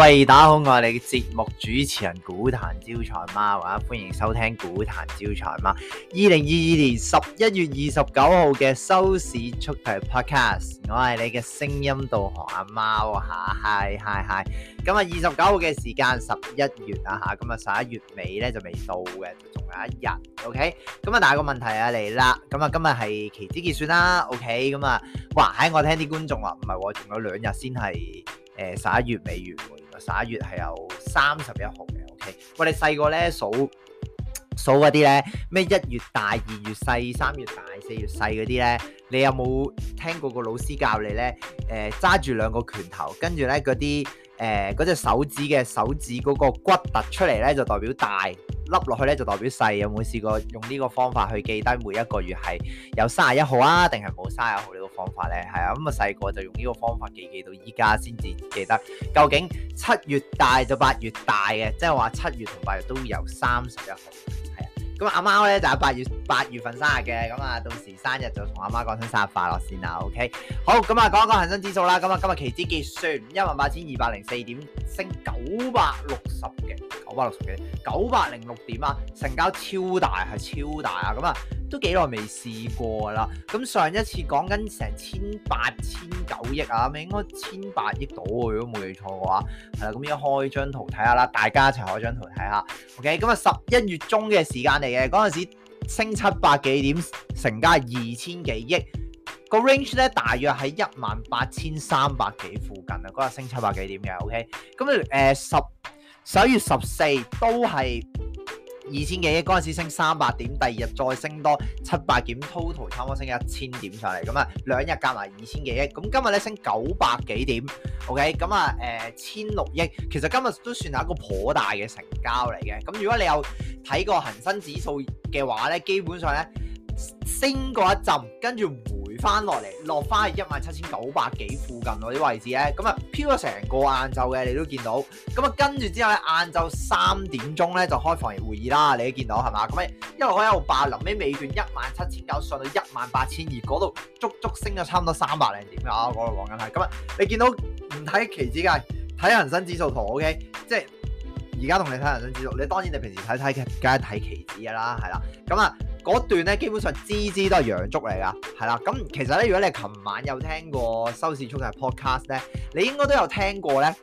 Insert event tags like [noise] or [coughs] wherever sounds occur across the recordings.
喂，大家好，我係你嘅節目主持人股壇招財貓啊！歡迎收聽股壇招財貓二零二二年十一月二十九號嘅收市速遞 podcast。我係你嘅聲音導航阿貓啊！吓，係係係！咁啊，二十九號嘅時間十一月啊吓，咁啊十一月尾咧就未到嘅，仲有一日。OK，咁啊，第二個問題啊嚟啦。咁啊，今日係期指結算啦。OK，咁啊，哇！喺我聽啲觀眾話唔係喎，仲有兩日先係。誒十一月尾月喎，十一月係有三十一號嘅。OK，我哋細個咧數數嗰啲咧，咩一月大，二月細，三月大，四月細嗰啲咧，你有冇聽過個老師教你咧？誒揸住兩個拳頭，跟住咧嗰啲誒嗰隻手指嘅手指嗰個骨突出嚟咧，就代表大。凹落去咧就代表細。有冇試過用呢個方法去記低每一個月係有三十一號啊，定係冇三十一號呢個方法呢？係啊，咁啊細個就用呢個方法記，記到依家先至記得究竟七月大就八月大嘅，即係話七月同八月都有三十一號。咁阿媽呢就喺、是、八月八月份生日嘅，咁啊到時生日就同阿媽講聲生日快樂先啦，OK？好，咁啊講一講恒生指數啦，咁啊今日期指結算一萬八千二百零四點，升九百六十嘅，九百六十幾，九百零六點啊，成交超大，係超大啊，咁啊。都幾耐未試過啦！咁上一次講緊成千八千九億啊，咪應該千八億到喎，如果冇記錯嘅話。係啦，咁而家開張圖睇下啦，大家一齊開張圖睇下。OK，咁啊十一月中嘅時間嚟嘅，嗰陣時升七百幾點，成交二千幾億，個 range 咧大約喺一萬八千三百幾附近啊。嗰日升七百幾點嘅 OK，咁啊十十一月十四都係。二千幾億，嗰陣時升三百點，第二日再升多七百點 total 差唔多升一千點上嚟，咁啊兩日夾埋二千幾億。咁今日咧升九百幾點 OK 咁啊誒千六億，其實今日都算係一個頗大嘅成交嚟嘅，咁如果你有睇過恒生指數嘅話咧，基本上咧升過一陣跟住。翻落嚟，落翻去一萬七千九百幾附近嗰啲位置咧，咁啊飄咗成個晏晝嘅，你都見到。咁啊，跟住之後咧，晏晝三點鐘咧就開防疫會議啦，你都見到係嘛？咁啊，一路開一路霸，臨尾尾段一萬七千九上到一萬八千二，嗰度足足升咗差唔多三百零點嘅，嗰度講緊係，咁，今日你見到唔睇期指嘅，睇恒生指數圖，OK，即係。而家同你睇恒生指數，你當然你平時睇睇嘅，梗係睇期指嘅啦，係啦。咁啊，嗰段咧基本上支支都係陽燭嚟噶，係啦。咁其實咧，如果你琴晚有聽過收市速遞 podcast 咧，你應該都有聽過咧。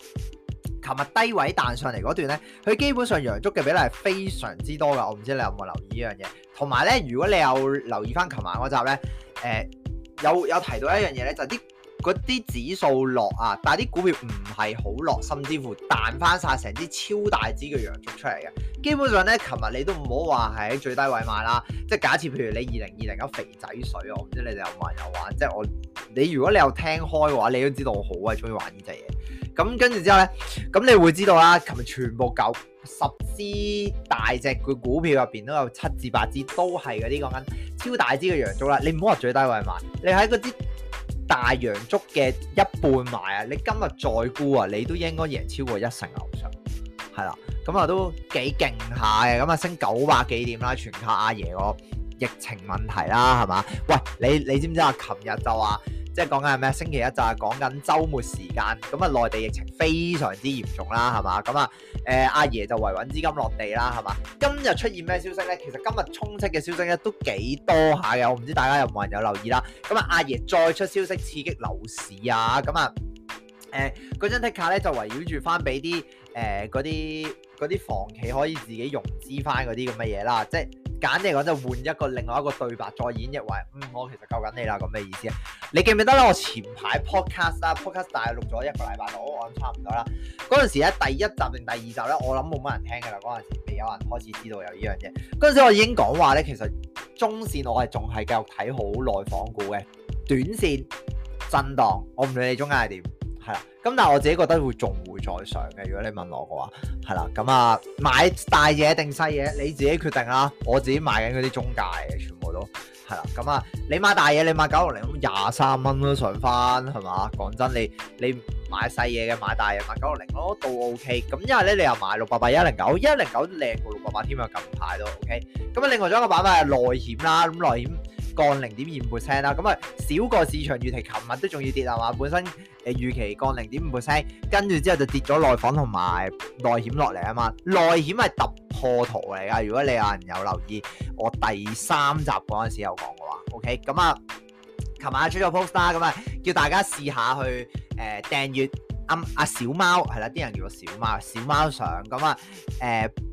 琴日低位彈上嚟嗰段咧，佢基本上陽燭嘅比例係非常之多噶。我唔知你有冇留意呢樣嘢。同埋咧，如果你有留意翻琴晚嗰集咧，誒、呃、有有提到一樣嘢咧，就。啲。嗰啲指數落啊，但係啲股票唔係好落，甚至乎彈翻晒成支超大支嘅陽燭出嚟嘅。基本上咧，琴日你都唔好話係喺最低位買啦。即係假設，譬如你二零二零有肥仔水，我唔知你有冇人有玩。即係我，你如果你有聽開嘅話，你都知道我好鬼中意玩呢隻嘢。咁跟住之後咧，咁你會知道啦。琴日全部九十支大隻嘅股票入邊都有七至八支都係嗰啲講緊超大支嘅陽燭啦。你唔好話最低位買，你喺嗰啲。大洋足嘅一半埋啊！你今日再估啊，你都應該贏超過一成樓上，係啦，咁啊都幾勁下嘅，咁啊升九百幾點啦，全靠阿爺個疫情問題啦，係嘛？喂，你你知唔知啊？琴日就話。即係講緊係咩？星期一就係講緊週末時間，咁啊內地疫情非常之嚴重啦，係嘛？咁啊誒阿爺就維穩資金落地啦，係嘛？今日出現咩消息咧？其實今日充斥嘅消息咧都幾多下嘅，我唔知大家有冇人有留意啦。咁啊阿爺再出消息刺激樓市啊，咁啊誒嗰張 ticker 咧就圍繞住翻俾啲誒嗰啲。呃嗰啲房企可以自己融資翻嗰啲咁嘅嘢啦，即、就、係、是、簡單嚟講，就換一個另外一個對白，再演繹。嗯，我其實救緊你啦，咁嘅意思。你記唔記得咧？我前排 podcast 啦，podcast 大陸錄咗一個禮拜度，我諗，差唔多啦。嗰陣時咧，第一集定第二集咧，我諗冇乜人聽㗎啦。嗰陣時未有人開始知道有呢樣嘢。嗰陣時我已經講話咧，其實中線我係仲係繼續睇好內房股嘅，短線震盪，我唔理你中間係點。係啦，咁但係我自己覺得會仲會再上嘅。如果你問我嘅話，係啦，咁、嗯、啊買大嘢定細嘢你自己決定啦。我自己買緊嗰啲中介嘅，全部都係啦。咁啊、嗯嗯，你買大嘢，你買九六零咁廿三蚊都上翻，係嘛？講真，你你買細嘢嘅買大嘢，買九六零咯都 OK。咁因為咧你又買六八八一零九，一零九靚過六八八添啊，近排都 OK。咁啊，另外仲有一個版本係內險啦，咁內險。內險降零點二五 percent 啦，咁啊、嗯、少個市場預期，琴日都仲要跌係嘛、啊？本身誒、呃、預期降零點五 percent，跟住之後就跌咗內房同埋內險落嚟啊嘛！內險係突破圖嚟㗎，如果你有人有留意我第三集嗰陣時有講嘅話，OK，咁、嗯、啊，琴、嗯、日出咗 post 啦、嗯，咁、嗯、啊叫大家試下去誒、呃、訂閲阿阿小貓係啦，啲、嗯、人叫小貓小貓上咁啊誒。嗯嗯嗯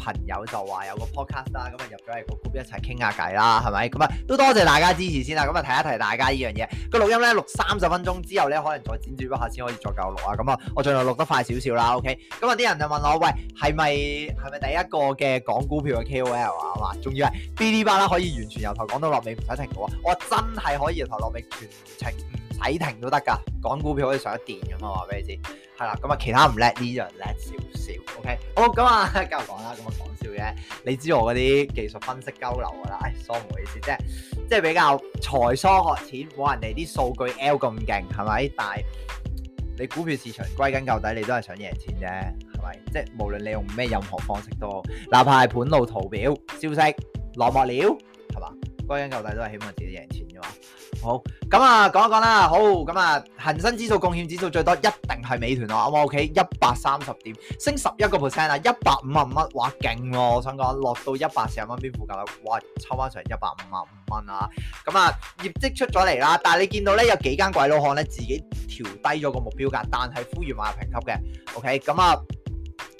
朋友就話有個 podcast 啦，咁啊入咗嚟個 group 一齊傾下偈啦，係咪？咁啊都多謝大家支持先啦。咁啊提一提大家呢樣嘢，個錄音咧錄三十分鐘之後咧，可能再剪接一下先可以再夠錄啊。咁啊，我儘量錄得快少少啦。OK，咁啊啲人就問我，喂，係咪係咪第一個嘅講股票嘅 K O L 啊？係仲要係 B B 吧啦，可以完全由頭講到落尾，唔使停嘅喎。我真係可以由頭落尾全程唔使停都得㗎。講股票可以上一電咁啊！話俾你知。係啦，咁啊其他唔叻啲就叻少少，OK 好。好咁啊，咁我講啦，咁啊講笑嘅。你知我嗰啲技術分析交流噶啦，疏唔會先啫，即係比較財疏學淺，冇人哋啲數據 L 咁勁，係咪？但係你股票市場歸根究底，你都係想贏錢啫，係咪？即係無論你用咩任何方式都，好，哪怕係盤路圖表、消息、落幕料，係嘛？歸根究底都係希望自己贏錢啫嘛。好，咁啊講一講啦。好，咁啊恒生指數、貢獻指數最多一定係美團啊。O 唔 OK？一百三十點，升十一個 percent 啊，一百五十五蚊，哇勁喎！我想講，落到一百四十蚊邊附近啦，哇，抽翻成一百五十五蚊啊。咁啊業績出咗嚟啦，但係你見到咧有幾間鬼佬行咧自己調低咗個目標價，但係呼籲話評級嘅。OK，咁啊，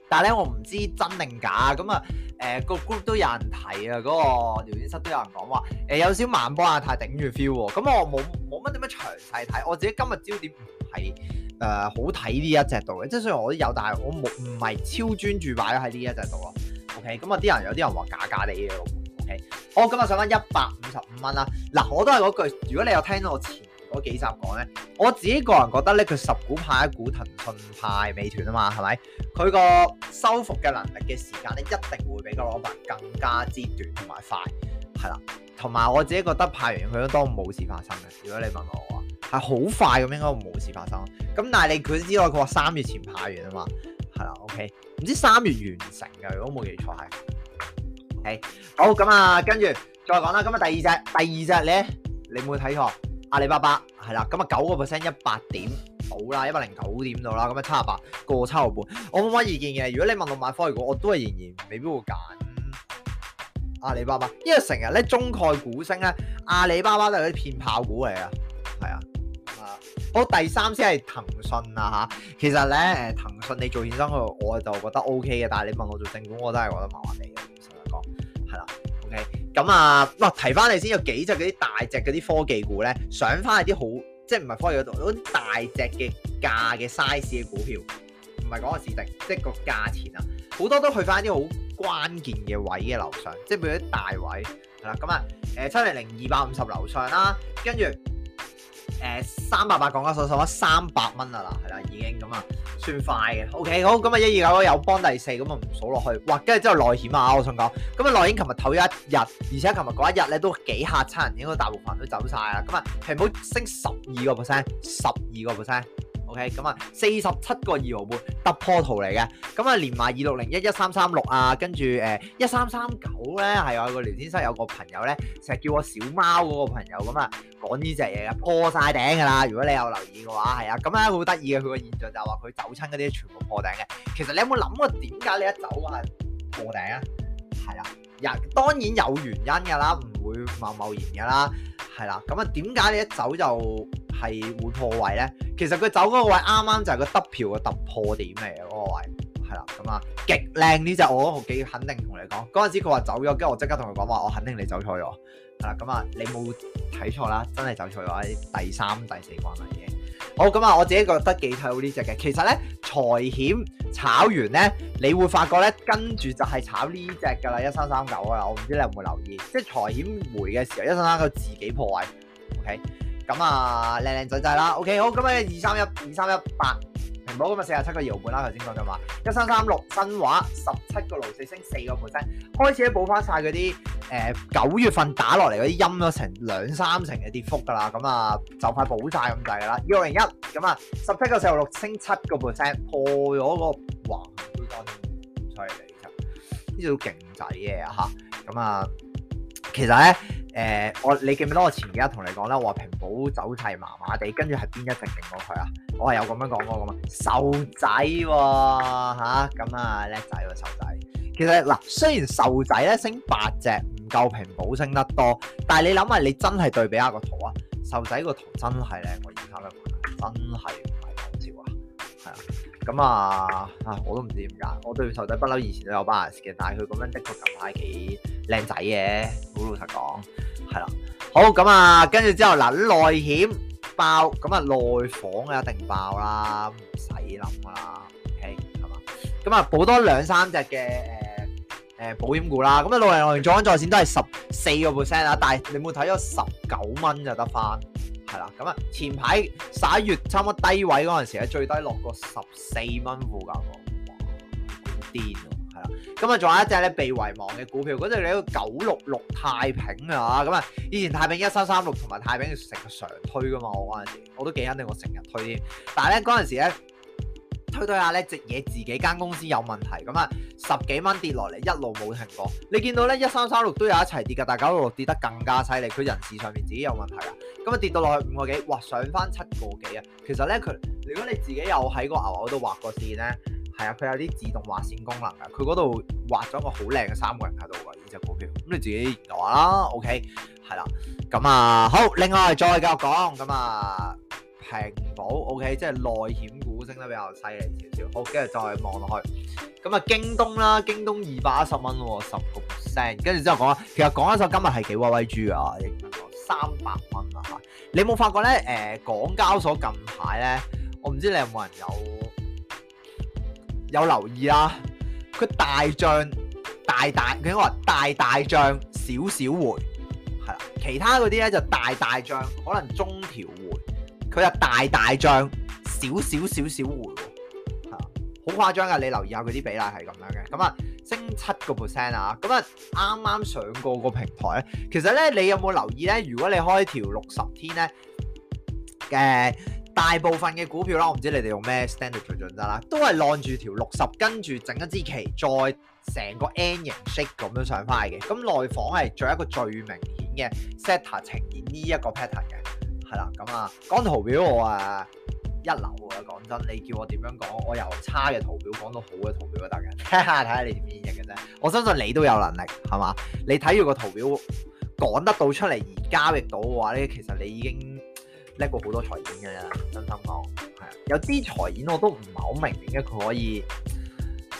但係咧我唔知真定假咁啊。誒、呃那個 group 都有人睇啊，嗰、那個聊天室都有人講話，誒、呃、有少萬波亞太頂住 feel 喎，咁我冇冇乜點樣詳細睇，我自己今日焦點係誒好睇呢一隻度嘅，即雖然我都有，但係我冇唔係超專注擺喺呢一隻度咯。OK，咁啊啲人有啲人話假假地嘅，OK，我、oh，今日上翻一百五十五蚊啦，嗱我都係嗰句，如果你有聽到我前嗰幾集講咧，我自己個人覺得咧，佢十股派一股騰訊派美團啊嘛，係咪佢個收復嘅能力嘅時間咧，一定會比個羅盤更加之短同埋快係啦。同埋我自己覺得派完佢都當冇事發生嘅。如果你問我啊，係好快咁應該冇事發生。咁但係你佢知道佢話三月前派完啊嘛係啦。OK，唔知三月完成嘅，如果冇記錯係。o、OK、好，咁啊，跟住再講啦。咁啊，第二隻第二隻咧，你冇睇錯，阿里巴巴係啦，咁啊九個 percent 一百點到啦，一百零九點到啦，咁啊差廿八個七毫半，我冇乜意見嘅。如果你問我買科技股，我都係仍然，然未必會揀阿里巴巴，因為成日咧中概股升咧，阿里巴巴都係啲騙炮股嚟啊，係啊、哦。啊，好第三先係騰訊啊嚇，其實咧騰訊你做衍生我我就覺得 O K 嘅，但係你問我做正股，我都係覺得麻麻地嘅，事實上講係啦。咁啊，哇！提翻你先，有幾隻嗰啲大隻嗰啲科技股咧，上翻係啲好，即係唔係科技度，嗰啲大隻嘅價嘅 size 嘅股票，唔係講個市值，即係個價錢啊，好多都去翻啲好關鍵嘅位嘅樓上，即係譬如啲大位，係啦，咁啊，誒七零零二百五十樓上啦，跟住。誒、呃，三百八講緊所收得三百蚊啊啦，係啦已經咁啊，算快嘅。O、OK, K，好，咁啊，一二九九有幫第四，咁啊唔數落去。哇，跟住之後內險啊，我想講，咁啊內險琴日唞咗一日，而且琴日嗰一日咧都幾吓親，應該大部分人都走晒。啦。咁啊，平均升十二個 percent，十二個 percent。O K，咁啊，四十七個二毫半突破圖嚟嘅，咁啊連埋二六零一一三三六啊，跟住誒一三三九咧，係我個聊天室，有個朋友咧，成日叫我小貓嗰個朋友，咁啊講呢隻嘢嘅破晒頂噶啦，如果你有留意嘅話，係啊，咁咧好得意嘅，佢、嗯、個現象就話佢走親嗰啲全部破頂嘅，其實你有冇諗過點解你一走係、啊、破頂啊？係啦，有當然有原因噶啦，唔會貿貿然嘅啦，係啦，咁啊點解你一走就？係會破位咧，其實佢走嗰個位啱啱就係個 W 票嘅突破點嚟嘅嗰個位，係啦，咁啊，極靚呢隻，我幾肯定同你講。嗰陣時佢話走咗，跟住我即刻同佢講話，我肯定你走錯咗，係啦，咁啊，你冇睇錯啦，真係走錯咗喺第三、第四關嘅嘢。好，咁啊，我自己覺得幾睇好呢隻嘅。其實咧財險炒完咧，你會發覺咧跟住就係炒呢隻㗎啦，一三三九啊，我唔知你有冇留意，即係財險回嘅時候一三三九自己破位，OK。咁啊，靚靚仔仔啦，OK，好，咁啊，二三一，二三一八，平保今日四十七個搖盤啦，頭先講咗嘛，一三三六新華十七個六四升四個 percent，開始咧補翻晒嗰啲誒九月份打落嚟嗰啲陰咗成兩三成嘅跌幅噶啦，咁啊就快補晒咁滯噶啦，二零一咁啊，十七個四六升七個 percent，破咗個橫盤，好犀利啊！呢隻都勁仔嘅嚇，咁啊，其實咧。誒、呃，我你記唔記得我前幾日同你講啦？話平保走勢麻麻地，跟住係邊一隻勁過佢啊？我係有咁樣講過㗎嘛？瘦仔喎、啊、嚇，咁啊叻仔喎瘦仔。其實嗱，雖然瘦仔咧升八隻唔夠平保升得多，但係你諗下，你真係對比下個圖啊，瘦仔個圖真係咧，我已認真嘅，真係唔係講笑啊，係啊。咁啊，我都唔知點解。我對頭仔不嬲，以前都有 balance 嘅，但係佢咁樣的確近排幾靚仔嘅，好老實講。係啦，好咁啊，跟住之後嗱、呃，內險爆，咁啊內房啊一定爆啦，唔使諗啦 okay 係嘛？咁、okay, 啊，補多兩三隻嘅誒誒保險股啦。咁啊，滬港聯莊再線都係十四個 percent 啦，但係你冇睇咗十九蚊就得翻。係啦，咁啊、嗯、前排十一月差唔多低位嗰陣時咧，最低落過十四蚊附近噶，哇，好癲啊！係、嗯、啦，咁啊仲有一隻咧被遺忘嘅股票，嗰隻叫九六六太平啊吓，咁、嗯、啊以前太平一三三六同埋太平成日推噶嘛，我嗰陣時我都幾肯定，我成日推添，但係咧嗰陣時咧。推推下咧，直嘢自己間公司有問題咁啊，十幾蚊跌落嚟，一路冇停過。你見到咧一三三六都有一齊跌嘅，大九六跌得更加犀利。佢人事上面自己有問題啦，咁啊跌到落去五個幾，哇上翻七個幾啊！其實咧佢，如果你自己有喺個牛牛度畫個線咧，係啊，佢有啲自動畫線功能嘅，佢嗰度畫咗個好靚嘅三個人喺度嘅呢隻股票。咁你自己研究下啦，OK，係啦，咁啊好，另外再繼續講咁啊。平保 OK，即係內險股升得比較犀利少少。好，跟住再望落去，咁啊京東啦，京東二百一十蚊喎，十 percent。跟住之後講啊，其實講一首今日係幾威威豬啊，三百蚊啊吓。你有冇發覺咧？誒、呃，港交所近排咧，我唔知你有冇人有有留意啦、啊。佢大漲大大，應該話大大漲，少少回係啦。其他嗰啲咧就大大漲，可能中調回。佢就大大漲，少少少少回，嚇，好誇張噶！你留意下佢啲比例係咁樣嘅，咁、嗯、啊升七個 percent 啊。咁啊啱啱上過個平台咧。其實咧，你有冇留意咧？如果你開條六十天咧，誒大部分嘅股票啦，我唔知你哋用咩 standard 做準則啦，都係晾住條六十，跟住整一支旗，再成個 N 型 shape 咁樣上翻嘅。咁、嗯、內房係做一個最明顯嘅 setter 呈現呢一個 pattern 嘅。係啦，咁啊， [music] 講圖表我啊一流啊，講真，你叫我點樣講，我由差嘅圖表講到好嘅圖表都得嘅，睇 [laughs] 下你點演繹嘅啫。我相信你都有能力，係嘛？你睇住個圖表講得到出嚟而交易到嘅話咧，其實你已經叻過好多財演嘅啦，真心講。係啊，有啲財演我都唔係好明嘅，佢可以。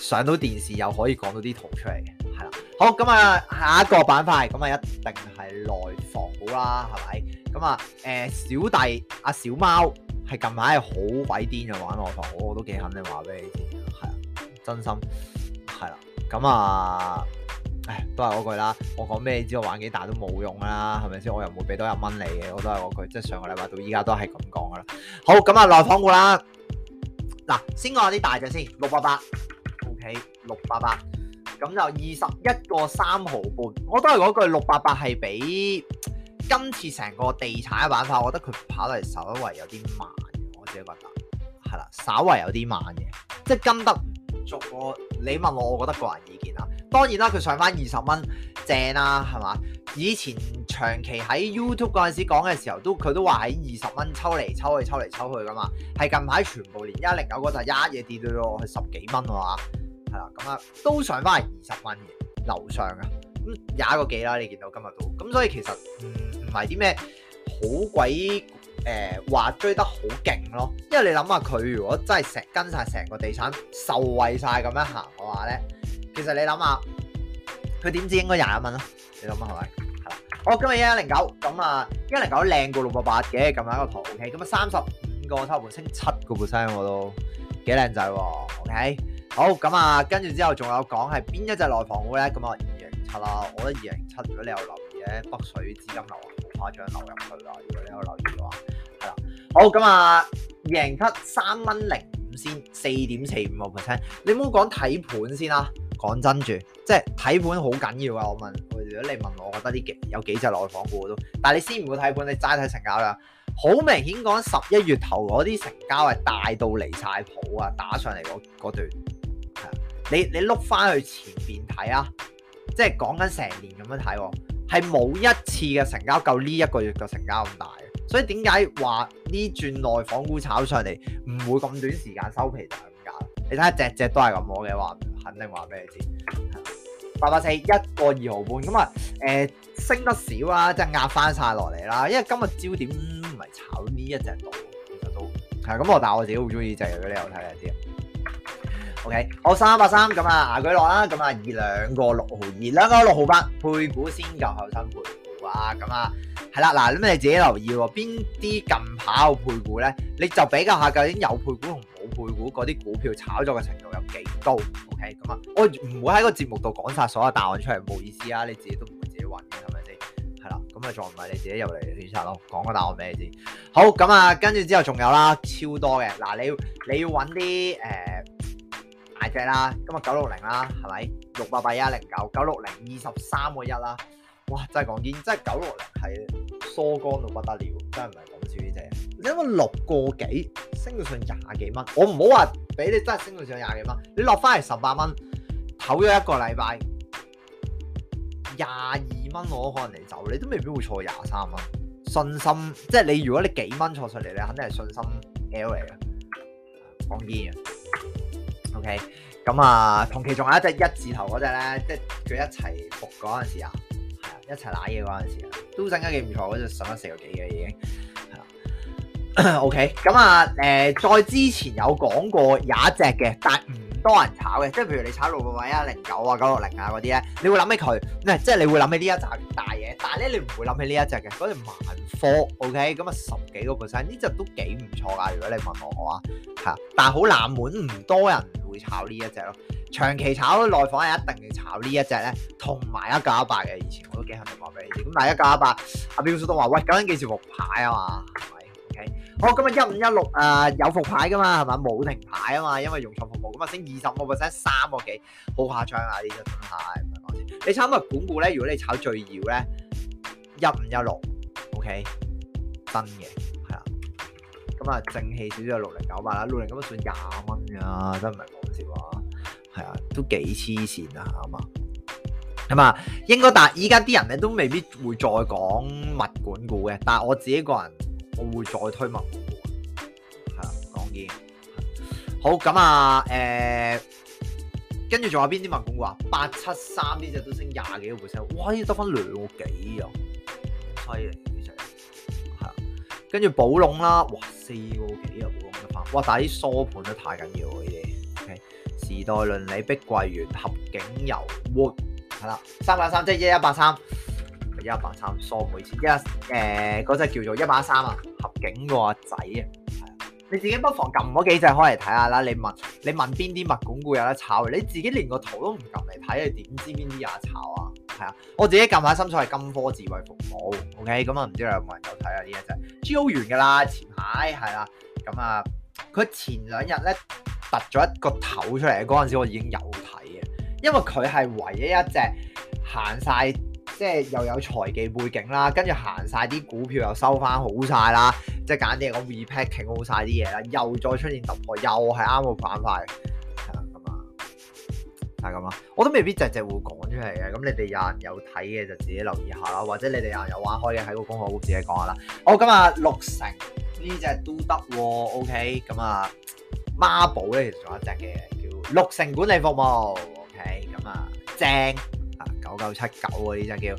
上到電視又可以講到啲圖出嚟嘅，係啦。好，咁啊，下一個板塊咁啊，一定係內房好啦，係咪？咁啊，誒、呃、小弟阿、啊、小貓係近排係好鬼癲嘅玩內房股，我都幾肯定話俾你知，係啊，真心係啦。咁啊，唉，都係嗰句啦。我講咩你知我玩幾大都冇用啦，係咪先？我又冇俾多一蚊你嘅，我都係嗰句，即、就、係、是、上個禮拜到依家都係咁講噶啦。好，咁啊，內房股啦，嗱先講啲大隻先，六八八。六八八，咁、hey, 就二十一個三毫半。我都係嗰句，六八八係比今次成個地產一把炮，我覺得佢跑嚟，稍為有啲慢，嘅。我自己覺得係啦，稍為有啲慢嘅，即係跟得唔足。你問我，我覺得個人意見啊。當然啦，佢上翻二十蚊正啦，啊，係嘛？以前長期喺 YouTube 嗰陣時講嘅時候，都佢都話喺二十蚊抽嚟抽去，抽嚟抽去噶嘛。係近排全部連一零九嗰陣，一嘢跌到落去十幾蚊哇！係啦，咁啊、嗯、都上翻、嗯、二十蚊嘅，樓上嘅咁廿一個幾啦，你見到今日都咁，所、嗯、以其實唔唔係啲咩好鬼誒，話、呃、追得好勁咯。因為你諗下佢如果真係成跟晒成個地產受惠晒咁樣行嘅話咧，其實你諗下佢點知應該廿一蚊咯，你諗、嗯、下係咪？係、OK, 啦、嗯，我今日一零九咁啊，一零九都靚過六百八嘅，咁樣一個圖，OK，咁啊三十五個差唔多升七個 percent 我都幾靚仔喎，OK。好，咁啊，跟、嗯、住之後仲有講係邊一隻內房股咧？咁啊，二零七啦，我覺得二零七如果你有留意咧，北水資金流啊，好誇張流入去啦。如果你有留意嘅話，係啦。好，咁啊，二零七三蚊零五仙，四點四五個 percent。你唔好講睇盤先啦，講真住，即係睇盤好緊要啊。我問，如果你問我，我覺得啲有幾隻內房股都，但係你先唔好睇盤，你齋睇成交啦。好明顯講十一月頭嗰啲成交係大到離晒譜啊，打上嚟嗰段。你你碌翻去前邊睇啊，即係講緊成年咁樣睇，係冇一次嘅成交夠呢一個月嘅成交咁大。所以點解話呢轉內房股炒上嚟唔會咁短時間收皮就係咁解？你睇下隻隻都係咁講嘅話，肯定話俾你知。八八四一個二毫半咁啊，誒、呃、升得少啦，即、就、係、是、壓翻晒落嚟啦。因為今日焦點唔係、嗯、炒呢一隻度，其實都係咁。但係我自己好中意就係嗰啲你又睇下啲。OK，好三百三咁啊，拿佢落啦，咁啊、okay? so, right? so,，二兩個六毫二，兩個六毫八配股先夠後生配股啊，咁啊係啦，嗱咁你自己留意邊啲近排配股咧，你就比較下究竟有配股同冇配股嗰啲股票炒作嘅程度有幾高，OK，咁啊，我唔會喺個節目度講晒所有答案出嚟，冇意思啊，你自己都唔會自己搵嘅，係咪先？係啦，咁啊，再唔係你自己入嚟亂七龍講個答案俾你知。好，咁啊，跟住之後仲有啦，超多嘅，嗱，你你要搵啲誒。大隻啦，今日九六零啦，係咪六八八一零九九六零二十三個一啦？哇，真係講堅，真係九六零係疏干到不得了，真係唔係講笑呢隻。你諗下六個幾升到上廿幾蚊，我唔好話俾你真係升到上廿幾蚊，你落翻嚟十八蚊，唞咗一個禮拜，廿二蚊我可能嚟走，你都未必會錯廿三蚊。信心，即係你如果你幾蚊錯上嚟，你肯定係信心 L 嚟嘅，講啲嘢。O K，咁啊，同期仲有一隻一字頭嗰隻咧，即係佢一齊復嗰陣時啊，係啊，一齊攋嘢嗰陣時啊，都真係幾唔錯，嗰隻上咗四個幾嘅已經係啊。O K，咁啊，誒、 [coughs] okay, 呃，再之前有講過有一隻嘅，但唔。嗯多人炒嘅，即係譬如你炒六八五啊、零九啊、九六零啊嗰啲咧，你會諗起佢，唔即係你會諗起呢一紮大嘢，但係咧你唔會諗起呢一隻嘅，嗰隻萬科，OK，咁啊十幾個 percent 呢隻都幾唔錯噶，如果你問我嘅話，吓，但係好冷門，唔多人會炒呢一隻咯。長期炒內房係一定要炒呢一隻咧，同埋一九一八嘅，以前我都幾肯定話俾你知，咁但係一九一八阿表叔都話喂，究竟幾時復牌啊嘛？哦，今日一五一六啊，有復牌噶嘛，係嘛？冇停牌啊嘛，因為融創服務咁啊、嗯、升二十個 percent 三個幾，好誇張啊！呢真係唔係講笑。你炒物管股咧，如果你炒最遙咧，一五一六，OK，真嘅係啊。咁、嗯、啊，正氣少少六零九八啦，六零九八算廿蚊噶，真唔係講笑啊。係啊，都幾黐線啊，係嘛？咁啊，應該但係依家啲人咧都未必會再講物管股嘅，但係我自己一個人。我會再推文股嘅，係啦，講完。好，咁啊，誒，跟住仲有邊啲民股啊？八七三呢隻都升廿幾個回聲，哇，呢得翻兩個幾又犀啊，呢隻，係啦，跟住寶龍啦，哇，四個幾啊，寶龍一翻，哇，但啲梳盤都太緊要嘅呢啲，okay. 時代鄰里，碧桂園、合景悠活，係啦，三零三即七一一八三。3, 3, 3, 一八三梳眉，一誒嗰隻叫做一八三啊，合景個仔啊，你自己不妨撳嗰幾隻開嚟睇下啦。你問你問邊啲物管股有得炒，你自己連個圖都唔撳嚟睇，你點知邊啲有得炒啊？係啊，我自己近排心水係金科智慧服務，OK，咁、嗯、啊，唔知有冇人有睇啊？呢隻炒完噶啦，前排係啦，咁啊，佢、嗯嗯、前兩日咧突咗一個頭出嚟，嗰陣時我已經有睇嘅，因為佢係唯一一隻行晒。即係又有財技背景啦，跟住行晒啲股票又收翻好晒啦，即係簡單啲嚟講 repacking 好晒啲嘢啦，又再出現突破，又係啱個板塊，係啊咁啊，就係咁啦，我都未必隻隻會講出嚟嘅，咁你哋有人有睇嘅就自己留意下啦，或者你哋有人有玩開嘅喺個公號會自己講下啦。好、哦，咁啊，六成呢隻都得喎，OK，咁啊，孖、OK? 啊、寶咧其實仲有一隻嘅叫六成管理服務，OK，咁啊正。九九七九啊！呢隻叫、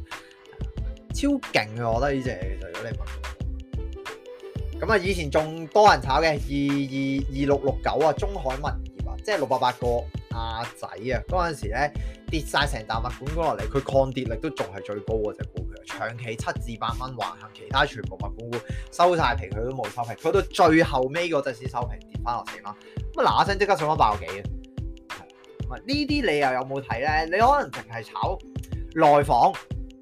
嗯、超勁嘅，我覺得呢隻。如果你問，咁、嗯、啊，以前仲多人炒嘅二二二六六九啊，中海物業啊，即係六百八個阿、啊、仔啊，嗰陣時咧跌晒成大物管股落嚟，佢抗跌力都仲係最高嘅隻股票，長期七至八蚊橫行，其他全部物管股收晒皮，佢都冇收皮，佢到最後尾嗰隻先收皮，跌翻落嚟四蚊，咁啊嗱一聲即刻上咗爆幾呢啲你又有冇睇咧？你可能淨係炒內房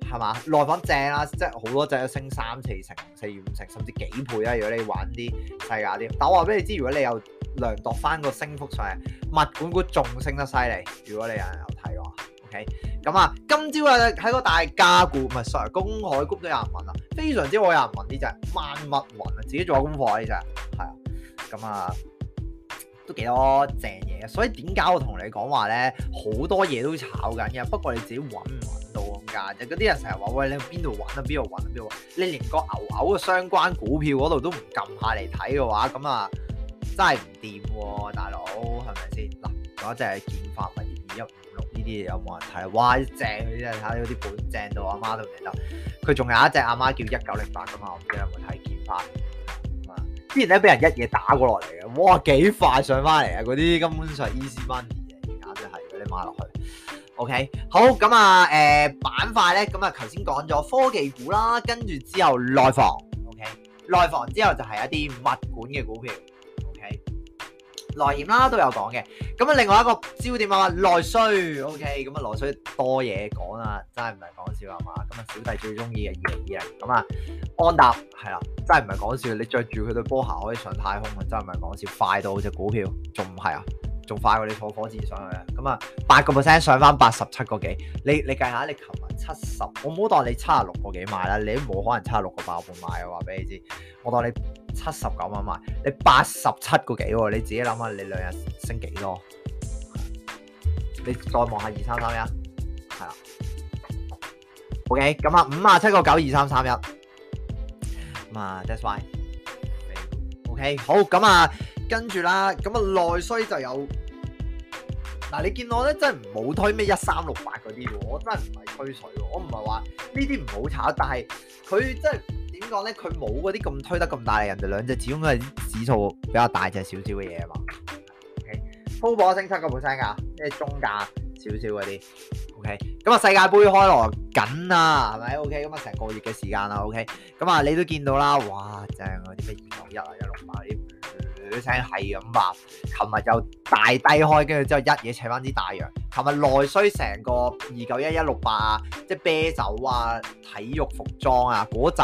係嘛？內房正啦、啊，即係好多隻都升三四成、四五成，甚至幾倍啦、啊。如果你玩啲細價啲，但我話俾你知，如果你又量度返個升幅上，物管股仲升得犀利。如果你有人有睇嘅話，OK。咁啊，今朝啊喺個大家谷唔係說公海谷都有人問啦，非常之好有人問呢隻萬物雲，自己做功課呢隻，係啊，咁啊，啊都幾多正。所以點解我同你講話咧？好多嘢都炒緊嘅，不過你自己揾唔揾到咁架。就啲人成日話：喂，你去邊度揾啊？邊度揾啊？邊度、啊？你連個牛牛嘅相關股票嗰度都唔撳下嚟睇嘅話，咁啊真係唔掂喎，大佬係咪先？嗱，嗰隻建發物業二一五六呢啲有冇人睇？哇，正啲睇嗰啲本正到阿媽都唔得。佢仲有一隻阿媽，媽叫一九零八噶嘛，我唔知有冇睇建發？必然咧俾人一嘢打過落嚟嘅，哇幾快上翻嚟啊！嗰啲根本上 easy money 嘅、就是，都係嗰啲買落去。OK，好咁啊，誒板、呃、塊咧，咁啊頭先講咗科技股啦，跟住之後內房，OK，內房之後就係一啲物管嘅股票。內險啦，都有講嘅。咁啊，另外一個焦點啊，內需。OK，咁啊，內需多嘢講啦，真係唔係講笑係嘛？咁啊，小弟最中意嘅二零二零，咁啊安踏係啦，真係唔係講笑。你着住佢對波鞋可以上太空啊，真係唔係講笑，快到隻股票仲唔係啊？仲快過你坐火箭上去啊！咁啊，八個 percent 上翻八十七個幾？你你計下，你琴日七十，我唔好當你七十六個幾買啦，你都冇可能七十六個八半買啊！話俾你知，我當你七十九蚊買，你八十七個幾喎？你自己諗下，你兩日升幾多？你再望下二三三一，係啦。OK，咁啊，五啊七個九二三三一。嘛，That's why。OK，好，咁啊。跟住啦，咁啊內需就有嗱、啊，你見我咧真係唔好推咩一三六八嗰啲嘅，我真係唔係吹水，我唔係話呢啲唔好炒，但係佢即係點講咧，佢冇嗰啲咁推得咁大，嘅人哋兩隻始終係指數比較大隻少少嘅嘢啊嘛。O K，鋪火升七個 percent 㗎，即係中價少少嗰啲。O K，咁啊世界盃開鑼緊啊，係咪？O K，咁啊成個月嘅時間啦。O K，咁啊你都見到啦，哇正啊啲咩二九一啊，一六八啲。啲聲係咁話，琴日 [music] [music] 又大低開，跟住之後一嘢扯翻啲大陽。琴日內需成個二九一一六八啊，即啤酒啊、體育服裝啊嗰扎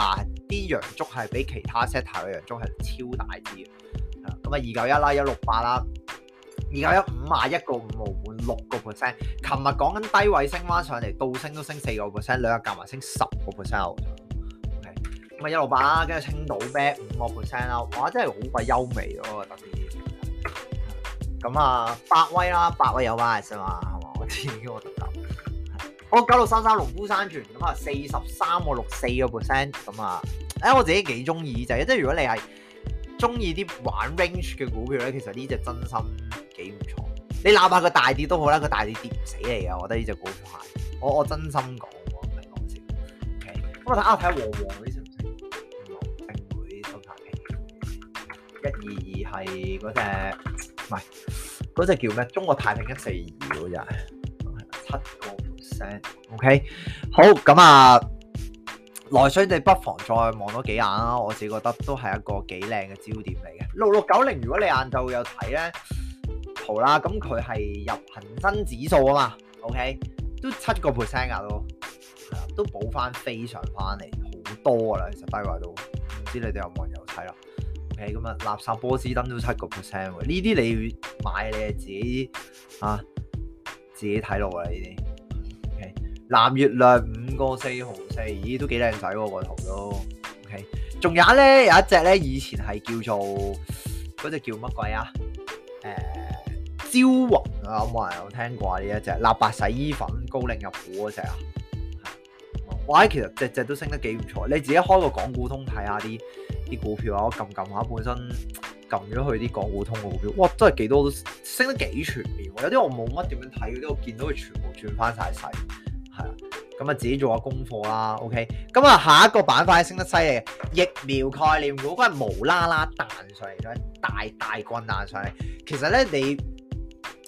啲陽燭係比其他 set 牌嘅陽燭係超大啲咁啊，二九一啦，一六八啦，二九一五啊，一個五毫半，六個 percent。琴日講緊低位升翻上嚟，到升都升四個 percent，兩日夾埋升十個 percent。一路八啦，跟住青島啤五個 percent 啦，哇，真係好鬼優美咯我覺得。咁、嗯、啊，百威啦、啊，百威有 rise 啊嘛，係嘛，我知呢個特點。我九六三三農夫山泉，咁啊四十三個六四個 percent，咁啊，誒、啊啊欸，我自己幾中意就係、是，即係如果你係中意啲玩 range 嘅股票咧，其實呢隻真心幾唔錯。你哪怕個大跌都好啦，個大跌跌唔死你啊。我覺得呢隻股票係，我我真心講唔係講笑。OK，咁我睇下睇下旺旺一二二係嗰隻，唔係嗰隻叫咩？中國太平一四二嗰隻，七個 percent，OK，、okay? 好咁啊！內需你不妨再望多幾眼啦，我自己覺得都係一個幾靚嘅焦點嚟嘅。六六九零，如果你晏晝有睇咧，好啦，咁佢係入恒生指數啊嘛，OK，都七個 percent 啊都，都補翻非常翻嚟，好多噶啦，其實低位都，唔知你哋有冇人有睇啦。咁啊，okay, 垃圾波司登都七個 percent 喎，呢啲你要買，你自己啊，自己睇路啦呢啲。O、okay. 藍月亮五個四毫四，咦都幾靚仔喎個圖都。O K，仲有咧，有一隻咧，以前係叫做，嗰隻叫乜鬼啊？誒、呃，朝雲啊，有冇人有聽過啊呢一隻？立白洗衣粉高瓴入股嗰隻啊？哇，其實隻隻都升得幾唔錯，你自己開個港股通睇下啲。啲股票啊，我撳撳下本身撳咗去啲港股通嘅股票，哇，真係幾多都升得幾全面，有啲我冇乜點樣睇，嗰啲我見到佢全部轉翻晒曬，係啊，咁啊自己做下功課啦，OK，咁、嗯、啊下一個板塊升得犀利，疫苗概念股嗰係無啦啦彈上嚟咗大大軍彈上嚟，其實咧你誒、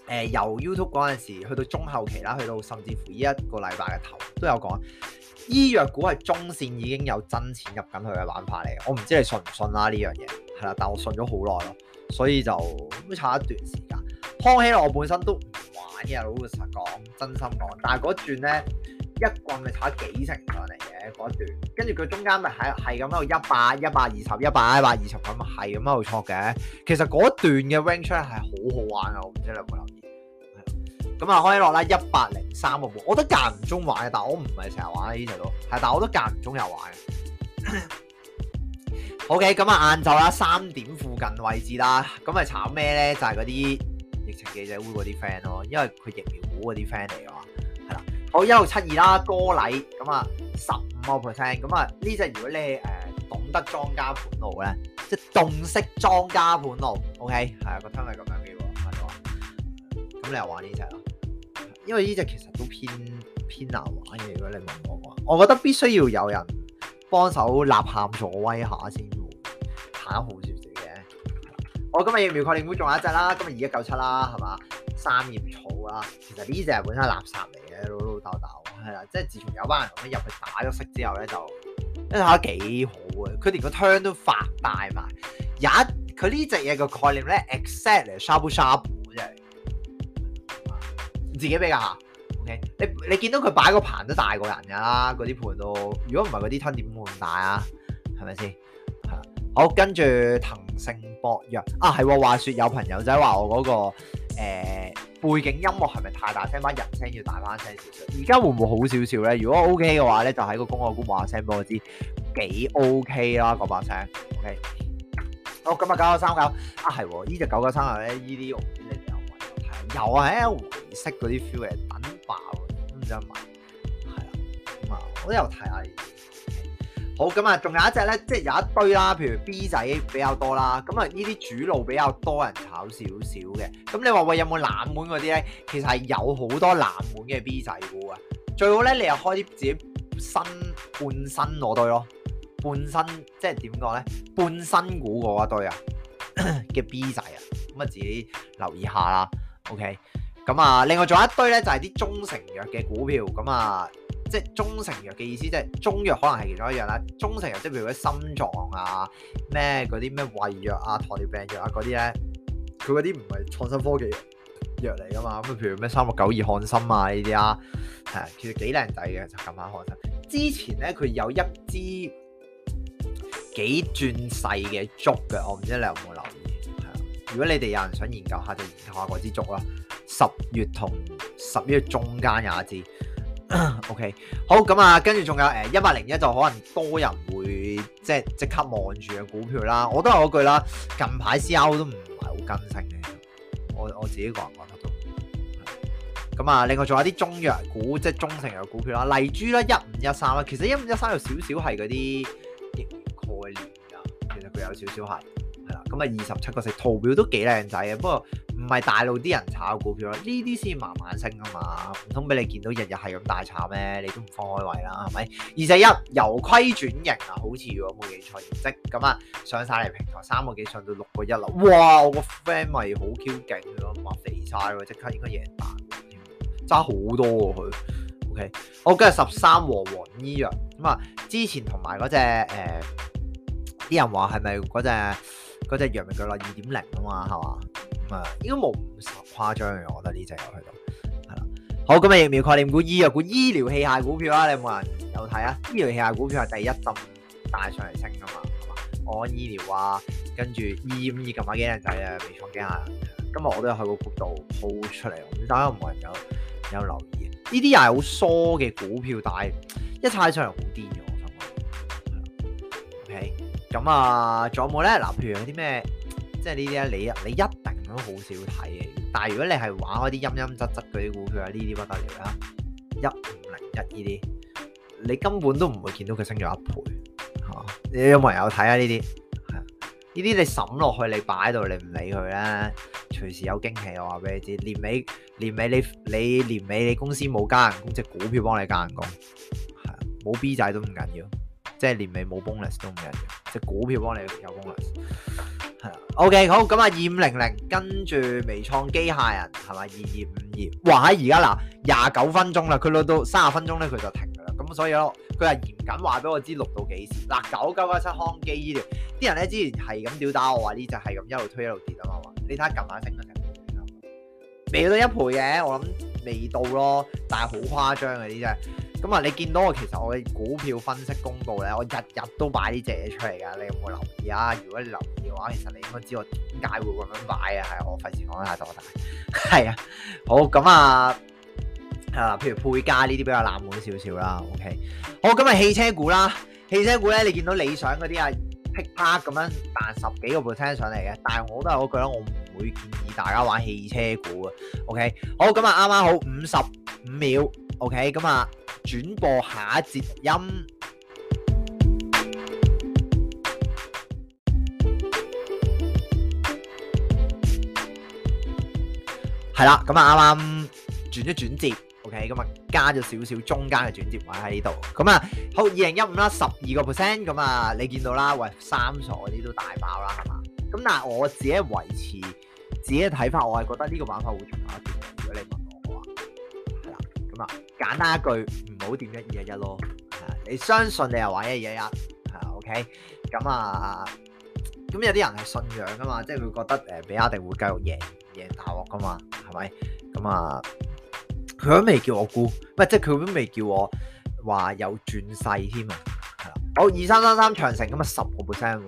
呃、由 YouTube 嗰陣時去到中後期啦，去到甚至乎依一個禮拜嘅頭都有講。醫藥股係中線已經有真錢入緊佢嘅玩法嚟，我唔知你信唔信啦呢樣嘢，係啦，但我信咗好耐咯，所以就咁炒一段時間，康熙來我本身都唔玩嘅，老實講，真心講。但係嗰段咧，一棍咪炒幾成上嚟嘅嗰一段，跟住佢中間咪係係咁一路一百、一百二十、一百、一百二十咁係咁一路錯嘅。其實嗰段嘅 range 係好好玩啊。我唔知你有冇諗。咁啊，可以落啦，一百零三個半，我都間唔中玩嘅，但係我唔係成日玩呢啲嘢咯。但係我都間唔中又玩嘅。OK，咁 [coughs] 啊，晏晝啦，三點附近位置啦，咁咪炒咩咧？就係嗰啲疫情記者會嗰啲 friend 咯，因為佢疫苗股嗰啲 friend 嚟嘅話，係啦。好，一六七二啦，歌禮，咁啊，十五個 percent，咁啊，呢隻如果咧誒、呃、懂得莊家盤路咧，即係洞悉莊家盤路。OK，係啊，個聽係咁樣嘅。咁你又玩呢隻咯，因為呢隻其實都偏偏難玩嘅。如果你問我，我覺得必須要有人幫手立喊助威下先，行得好少少嘅。我今日疫苗概念仲有一隻啦，今日二一九七啦，係嘛？三葉草啦，其實呢隻係本身垃圾嚟嘅老老豆豆，係啦。即係自從有班人一入去打咗色之後咧，就真係行得幾好啊。佢連個 turn 都放大埋，一佢呢隻嘢個概念咧 except 嚟 n t super，super，係。自己比較下，OK 你。你你見到佢擺個盤都大過人㗎啦，嗰啲盤都，如果唔係嗰啲吞點會咁大啊？係咪先？好，跟住騰盛博藥啊，係、啊、話説有朋友仔話我嗰、嗰個、呃、背景音樂係咪太大聲，把人聲要大翻聲少少。而家會唔會好少少咧？如果 OK 嘅話咧，就喺個公眾號話聲俾我知。幾 OK 啦，嗰把聲 OK、啊。好，今日九九三九啊，係呢隻九九三九咧，呢啲。又係，一回息嗰啲 feel 係等爆，都唔知得唔得買，係啊咁啊，我都有睇下。好咁啊，仲有一隻咧，即係有一堆啦，譬如 B 仔比較多啦。咁啊，呢啲主路比較多人炒少少嘅。咁你話喂，有冇冷門嗰啲咧？其實係有好多冷門嘅 B 仔股啊。最好咧，你又開啲自己新半新嗰堆咯，半新即係點講咧？半新股嗰堆啊嘅 B 仔啊，咁啊自己留意下啦。O K，咁啊，另外仲有一堆咧，就係啲中成藥嘅股票，咁、嗯、啊、嗯，即係中成藥嘅意思，即係中藥可能係其中一樣啦。中成藥即係譬如啲心臟啊，咩嗰啲咩胃藥啊、糖尿病藥啊嗰啲咧，佢嗰啲唔係創新科技藥嚟噶嘛，咁啊，譬如咩三六九二翰森啊呢啲啊，係其實幾靚仔嘅，就咁下翰森。之前咧佢有一支幾轉細嘅足嘅，我唔知你有冇留意。如果你哋有人想研究下，就研究下嗰支竹啦。十月同十一中間有一支 [coughs] ，OK 好。好，咁啊，跟住仲有誒一百零一，呃、就可能多人會即即刻望住嘅股票啦。我都係嗰句啦，近排 C.O 都唔係好跟成嘅。我我自己個人覺得都。咁啊，另外仲有啲中藥股，即係中成藥股票啦，麗珠啦，一五一三啦。其實一五一三有少少係嗰啲概念嘅，其實佢有少少係。咁啊，二十七個成圖表都幾靚仔嘅，不過唔係大陸啲人炒股票咯，呢啲先慢慢升噶嘛，唔通俾你見到日日係咁大炒咩？你都唔放開胃啦，係咪？二十一由虧轉盈啊，好似如果冇記錯，即咁啊，上晒嚟平台三個幾上到六個一啦！哇，我個 friend 咪好 Q 勁咯，抹肥晒喎，即刻應該贏大。揸好多喎佢。OK，我今日十三和黃醫藥咁啊，之前同埋嗰隻誒，啲、呃、人話係咪嗰隻？嗰隻藥物佢落二點零啊嘛，係嘛？咁、嗯、啊，應該冇咁誇張嘅，我覺得呢隻有去到，係啦。好咁啊，疫苗概念股二啊股醫療器械股票啦，你有冇人有睇啊？醫療器械股票係第一浸帶上嚟升噶嘛，嘛？按、哦、醫療啊，跟住二點二近排幾人仔啊？未錯幾下，今日我都有去個幅度鋪出嚟，唔知大家冇人有有，有留意？呢啲又係好疏嘅股票帶一踩上嚟好癲咁啊，仲有冇咧？嗱，譬如啲咩，即係呢啲咧，你你一定都好少睇嘅。但係如果你係玩開啲陰陰質質嗰啲股票啊，呢啲不得了啦！一五零一呢啲，你根本都唔會見到佢升咗一倍。嚇，你有冇人有睇啊？呢啲？係啊，呢啲你審落去，你擺喺度，你唔理佢啦。隨時有驚喜，我話俾你知。年尾年尾你你年尾你公司冇加人工，即係股票幫你加人工。係啊，冇 B 仔都唔緊要，即係年尾冇 bonus 都唔緊要。隻股票幫你有功能，係啊，OK 好，咁啊，二五零零跟住微創機械人係咪？二二五二，52，哇！而家嗱廿九分鐘啦，佢攞到三十分鐘咧，佢就停噶啦，咁所以咯，佢係嚴謹，話俾我知，六到幾時，嗱，九九九七康基醫療啲人咧，之前係咁屌打我，話呢隻係咁一路推一路跌啊嘛，你睇下撳下升得緊、嗯，未到一倍嘢？我諗未到咯，但係好誇張嘅呢隻。咁啊，嗯，你見到我，其實我嘅股票分析公告咧，我日日都擺啲隻嘢出嚟噶，你有冇留意啊？如果你留意嘅話，其實你應該知我點解會咁樣買啊？係我費事講太多，大，係、嗯、啊，好咁啊，啊，譬如配加呢啲比較冷門少少啦，OK，好，咁、嗯、啊，汽車股啦，汽車股咧，你見到理想嗰啲啊，啪啪咁樣彈十幾個 percent 上嚟嘅，但係我都係嗰句啦，我唔會建議大家玩汽車股啊。o、okay. k 好，咁、嗯、啊，啱、嗯、啱好五十五秒，OK，咁、嗯、啊。嗯轉播下一節音，係啦，咁啊，啱啱轉咗轉接，OK，咁啊，加咗少少中間嘅轉接位喺呢度，咁啊，好，二零一五啦，十二個 percent，咁啊，你見到啦，喂，三傻嗰啲都大爆啦，係嘛，咁但係我自己維持，自己嘅睇法，我係覺得呢個玩法會重有一段。簡單一句唔好掂一二一一咯，你相信你又玩一二一一，係 OK，咁啊，咁有啲人係信仰噶嘛，即係佢覺得誒比亞迪會繼續贏贏大鑊噶嘛，係咪？咁啊，佢都未叫我估，唔係即係佢都未叫我話有轉勢添啊，係啦，好，二三三三長城咁啊，十個 percent，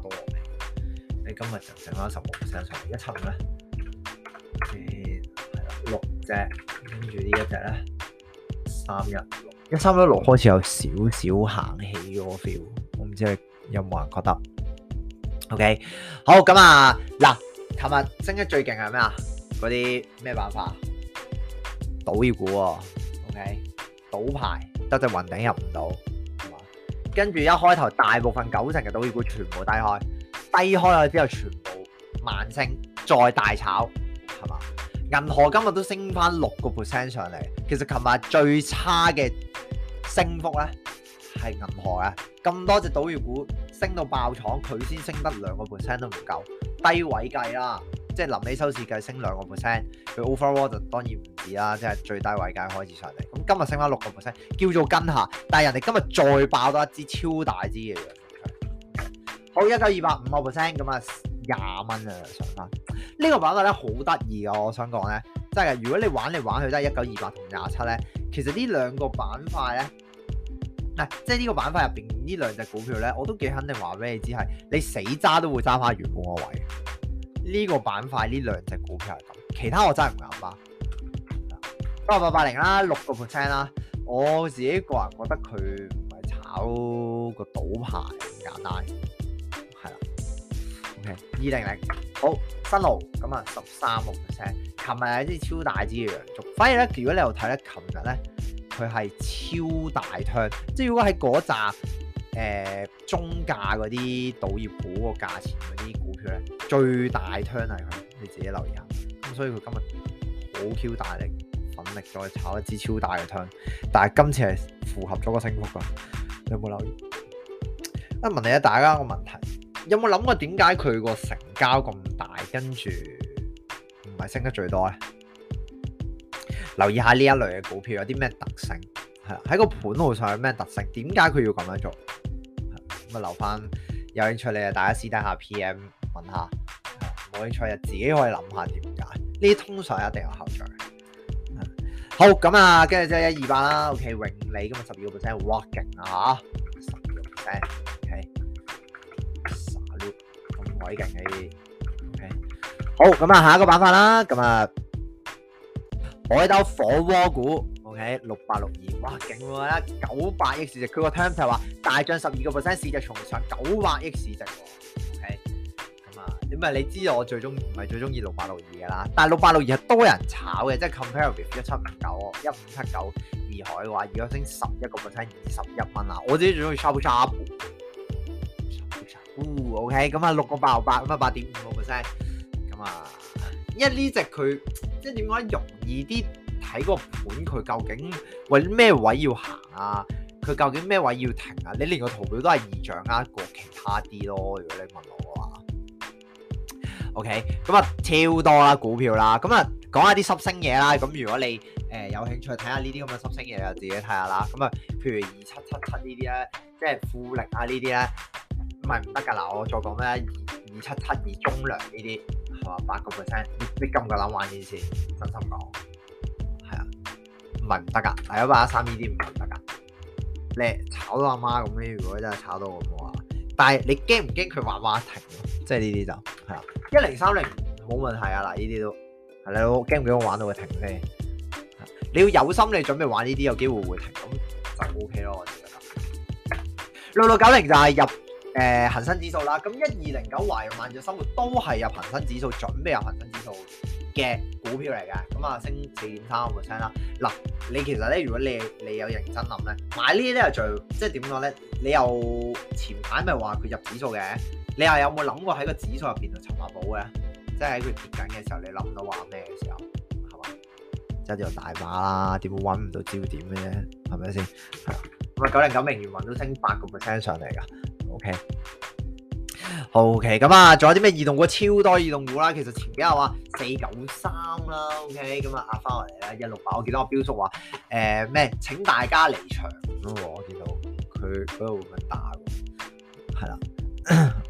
多，你今日就剩翻十個 percent 上嚟，一七五咧？跟住呢一隻咧，三一六，一三一六開始有少少行起嗰個 feel，我唔知你有冇人覺得？OK，好咁、嗯、啊，嗱，琴日升得最勁係咩啊？嗰啲咩辦法？賭股啊，OK，賭牌得隻雲頂入唔到，係嘛？跟住一開頭大部分九成嘅賭業股全部低開，低開去之後全部慢升，再大炒，係嘛？銀河今日都升翻六個 percent 上嚟，其實琴日最差嘅升幅咧係銀河啊！咁多隻賭業股升到爆廠，佢先升得兩個 percent 都唔夠，低位計啦，即係臨尾收市計升兩個 percent，佢 overall 當然唔止啦，即係最低位計開始上嚟，咁今日升翻六個 percent 叫做跟下，但係人哋今日再爆多一支超大支嘅樣，好一九二八五個 percent 咁啊！1, 9, 200, 廿蚊啊！上翻呢個板塊咧，好得意啊。我想講咧，真係如果你玩嚟玩去都係一九二八同廿七咧，其實呢兩個板塊咧，嗱，即係呢個板塊入邊呢兩隻股票咧，我都幾肯定話俾你知係，你死揸都會揸翻原本個位。呢個板塊呢兩隻股票係咁，其他我真係唔敢買。八八八零啦，六個 percent 啦，我自己個人覺得佢唔係炒個賭牌咁簡單。二零零好，三六咁啊，十三六 percent。琴日係支超大支嘅陽燭，反而咧，如果你又睇咧，琴日咧，佢係超大 turn，即係如果喺嗰扎誒中價嗰啲賭業股個價錢嗰啲股票咧，最大 turn 係佢，你自己留意下。咁所以佢今日好 Q 大力，奮力再炒一支超大嘅 turn，但係今次係符合咗個升幅噶，你有冇留意？啊，問你啊，大家個問題。有冇諗過點解佢個成交咁大，跟住唔係升得最多咧？留意下呢一類嘅股票有啲咩特性，係啦，喺個盤路上有咩特性？點解佢要咁樣做？咁啊留翻有興趣你嘅大家私底下 PM 問下，冇興趣嘅自己可以諗下點解？呢啲通常一定有後續。好，咁啊，跟住即係一二八啦，OK，永利今日十二個 percent，哇，勁啊吓，十二 percent，OK。OK 改嘅，OK。好，咁啊，下一個板塊啦，咁啊，海斗火鍋股，OK，六百六二，哇，勁喎，九百億市值，佢個 term 就係話大漲十二個 percent，市值從上九百億市值，OK。咁啊，咁啊，你知道我最中唔係最中意六百六二噶啦，但係六百六二係多人炒嘅，即係 comparable 一七五九，一五七九二海嘅話，如果升十一個 percent，二十一蚊啊，我自己最中意收 O K，咁啊六個八六八咁啊八點五個 percent，咁啊，因為呢隻佢即係點解容易啲睇個盤，佢究竟搵咩位要行啊？佢究竟咩位要停啊？你連個圖表都係易掌握，過其他啲咯。如果你問我嘅話，O K，咁啊超多啦股票啦，咁啊講下啲濕星嘢啦。咁如果你誒有興趣睇下呢啲咁嘅濕星嘢，看看這這就自己睇下啦。咁啊，譬如二七七七呢啲咧，即係富力啊呢啲咧。唔係唔得噶，嗱我再講咩？二二七七二中梁呢啲係嘛，八個 percent，你你咁夠膽玩呢啲，真心講係啊，唔係唔得噶，嗱一百三呢啲唔係唔得噶，你炒到阿媽咁咧。如果真係炒到咁嘅話，但係你驚唔驚佢話話停？即係呢啲就係啊，一零三零冇問題啊，嗱呢啲都係你驚唔驚我玩到佢停先？你要有心，你準備玩呢啲，有機會會停，咁就 OK 咯。我哋覺得六六九零就係入。誒，恒生指數啦，咁一二零九、華潤萬象生活都係有恒生指數，準備有恒生指數嘅股票嚟嘅，咁啊升四點三個 percent 啦。嗱，你其實咧，如果你你有認真諗咧，買就呢啲係最即係點講咧？你又前排咪話佢入指數嘅？你又有冇諗過喺個指數入邊度尋下寶嘅？即係喺佢跌緊嘅時候，你諗到話咩嘅時候係嘛？即係就大把啦，點會搵唔到焦點嘅啫？係咪先？係啊，咁啊九零九明源雲都升八個 percent 上嚟噶。O K，O K，咁啊，仲、okay. okay. 有啲咩異動股？超多異動股啦，其實前幾日話四九三啦，O K，咁啊壓翻嚟啦一六八。8，我見到阿標叔話，誒、呃、咩，請大家離場，咁我見到佢嗰度會唔會打，係啦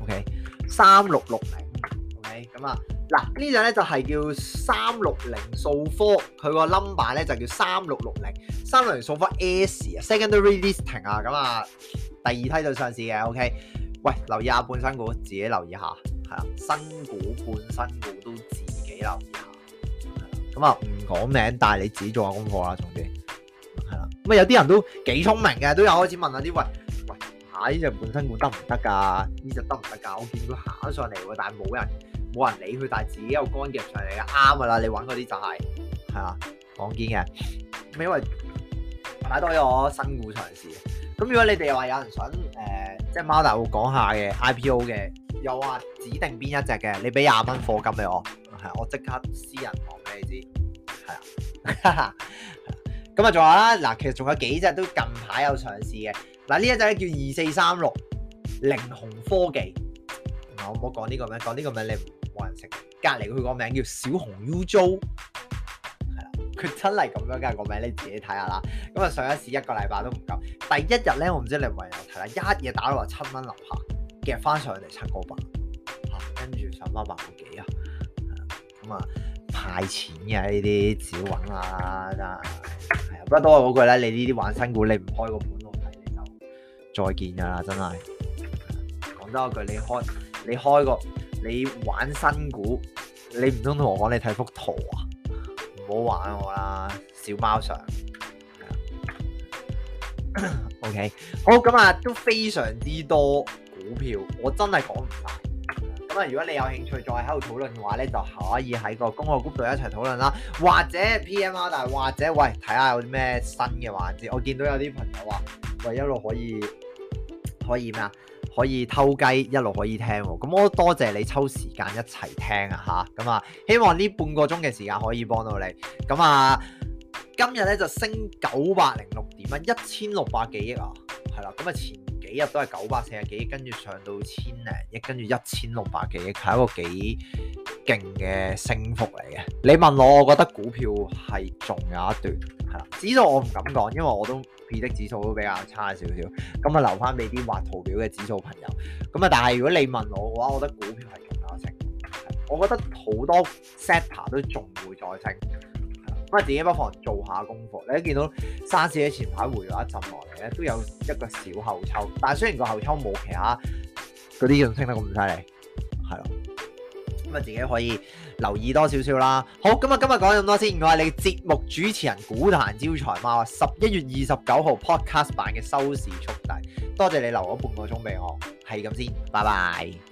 ，O K，三六六零，O K，咁啊嗱呢隻咧就係叫三六零數科，佢個 number 咧就叫三六六零，三六零數科 S 啊，Secondary Listing 啊，咁啊。第二梯就上市嘅，OK？喂，留意下半新股，自己留意下，係啦，新股、半新股都自己留意下。咁啊，唔講名，但係你自己做下功課啦，總之係啦。咁有啲人都幾聰明嘅，都有開始問下啲喂喂，呢隻、啊、半新股得唔得噶？呢隻得唔得噶？我見佢行得上嚟喎，但係冇人冇人理佢，但係自己有幹勁上嚟啊，啱噶啦，你搵嗰啲就係係啊，講堅嘅，咁因為買多咗新股上市。咁如果你哋又話有人想誒，即係貓大會講下嘅 IPO 嘅，又話指定邊一隻嘅，你俾廿蚊貨金俾我，係我即刻私人行俾你知，係啊，咁啊仲有啦，嗱其實仲有幾隻都近排有上市嘅，嗱呢一隻叫二四三六凌雄科技，我唔好講呢個名，講呢個名你冇人識，隔離佢個名叫小熊 U 租。佢真係咁樣，梗係個名你自己睇下啦。咁啊上一次一個禮拜都唔夠，第一日咧我唔知你唔係又睇啦，一嘢打到話七蚊樓下，夾翻上嚟七個八，吓跟住上翻八毫幾啊。咁啊派錢嘅呢啲小玩啊真係、啊啊，不過都係嗰句咧，你呢啲玩新股，你唔開個盤我睇你就再見噶啦，真係。講、啊、多一句，你開你開個你玩新股，你唔通同我講你睇幅圖啊？唔好玩我啦，小貓上。 [coughs] OK，好，咁啊，都非常之多股票，我真係講唔晒。咁啊，如果你有興趣再喺度討論嘅話咧，就可以喺個公告 group 度一齊討論啦，或者 PM 我，但係或者喂，睇下有啲咩新嘅環節。我見到有啲朋友話，喂一路可以可以咩啊？可以偷雞一路可以聽喎，咁我多謝你抽時間一齊聽啊吓，咁啊、嗯、希望呢半個鐘嘅時,時間可以幫到你，咁、嗯、啊今日咧就升九百零六點啊，一千六百幾億啊，係啦，咁啊前幾日都係九百四啊幾億，跟住上到千零億，跟住一千六百幾億，係一個幾勁嘅升幅嚟嘅。你問我，我覺得股票係仲有一段係啦，至少我唔敢講，因為我都。別的指數都比較差少少，咁啊留翻俾啲畫圖表嘅指數朋友。咁啊，但係如果你問我嘅話，我覺得股票係仲有升。我覺得好多 sector 都仲會再升，咁啊自己不妨做下功課。你一見到三四咧前排回咗一浸落嚟咧，都有一個小後抽，但係雖然個後抽冇其他嗰啲咁升得咁犀利，係咯。咁啊，自己可以留意多少少啦。好，咁啊，今日講咁多先。我係你節目主持人股壇招財貓啊，十一月二十九號 Podcast 版嘅收市速遞。多謝你留咗半個鐘俾我，係咁先，拜拜。